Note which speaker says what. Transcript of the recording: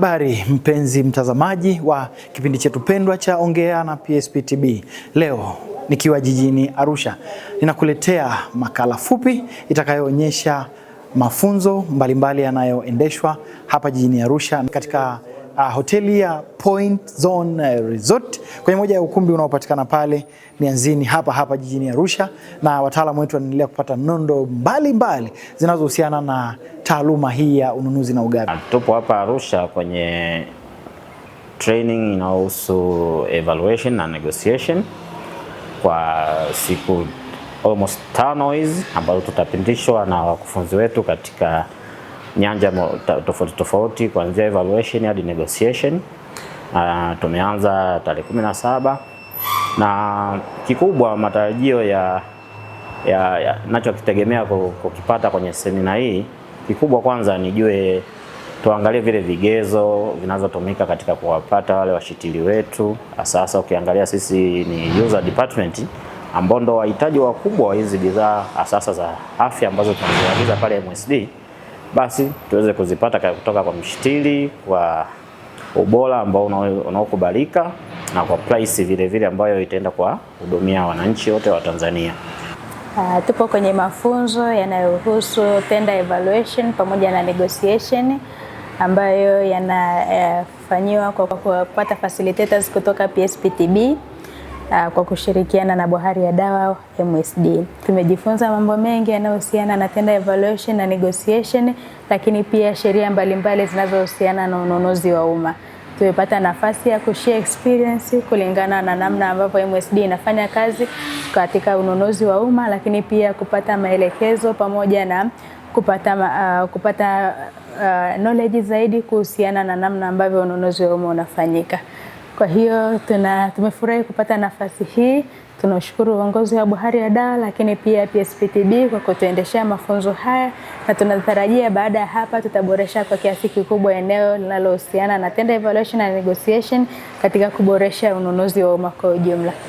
Speaker 1: Habari mpenzi mtazamaji wa kipindi chetu pendwa cha Ongea na PSP TV. Leo nikiwa jijini Arusha, ninakuletea makala fupi itakayoonyesha mafunzo mbalimbali yanayoendeshwa hapa jijini Arusha katika uh, hoteli ya Point Zone eh, Resort kwenye moja ya ukumbi unaopatikana pale mianzini hapa hapa jijini Arusha, na wataalamu wetu wanaendelea kupata nondo mbalimbali zinazohusiana na taaluma hii ya ununuzi na ugavi.
Speaker 2: Tupo hapa Arusha kwenye training inayohusu evaluation na negotiation kwa siku almost tano hizi ambazo tutapindishwa na wakufunzi wetu katika nyanja tofauti tofauti kuanzia evaluation hadi negotiation. Uh, tumeanza tarehe 17 na kikubwa matarajio ya, ya, ya nachokitegemea kukipata kwenye semina hii kikubwa, kwanza nijue, tuangalie vile vigezo vinazotumika katika kuwapata wale washitili wetu. Sasa ukiangalia sisi ni user department ambao ndo wahitaji wakubwa wa hizi bidhaa asasa za afya ambazo tunaziagiza pale MSD, basi tuweze kuzipata kutoka kwa mshitili kwa ubora ambao unaokubalika na kwa price vile vile ambayo itaenda kwa hudumia wananchi wote wa Tanzania.
Speaker 3: Uh, tupo kwenye mafunzo yanayohusu tender evaluation pamoja na negotiation ambayo yanafanyiwa uh, kwa kupata facilitators kutoka PSPTB uh, kwa kushirikiana na Bohari ya Dawa MSD. Tumejifunza mambo mengi yanayohusiana na tender evaluation na negotiation, lakini pia sheria mbalimbali zinazohusiana na ununuzi wa umma. Tumepata nafasi ya kushare experience kulingana na namna ambavyo MSD inafanya kazi katika ununuzi wa umma, lakini pia kupata maelekezo pamoja na kupata, uh, kupata uh, knowledge zaidi kuhusiana na namna ambavyo ununuzi wa umma unafanyika. Kwa hiyo tuna tumefurahi kupata nafasi hii. Tunashukuru uongozi wa Bohari ya Dawa lakini pia PSPTB kwa kutuendeshea mafunzo haya, na tunatarajia baada ya hapa tutaboresha kwa kiasi kikubwa eneo linalohusiana na tender evaluation and negotiation katika kuboresha ununuzi wa umma kwa ujumla.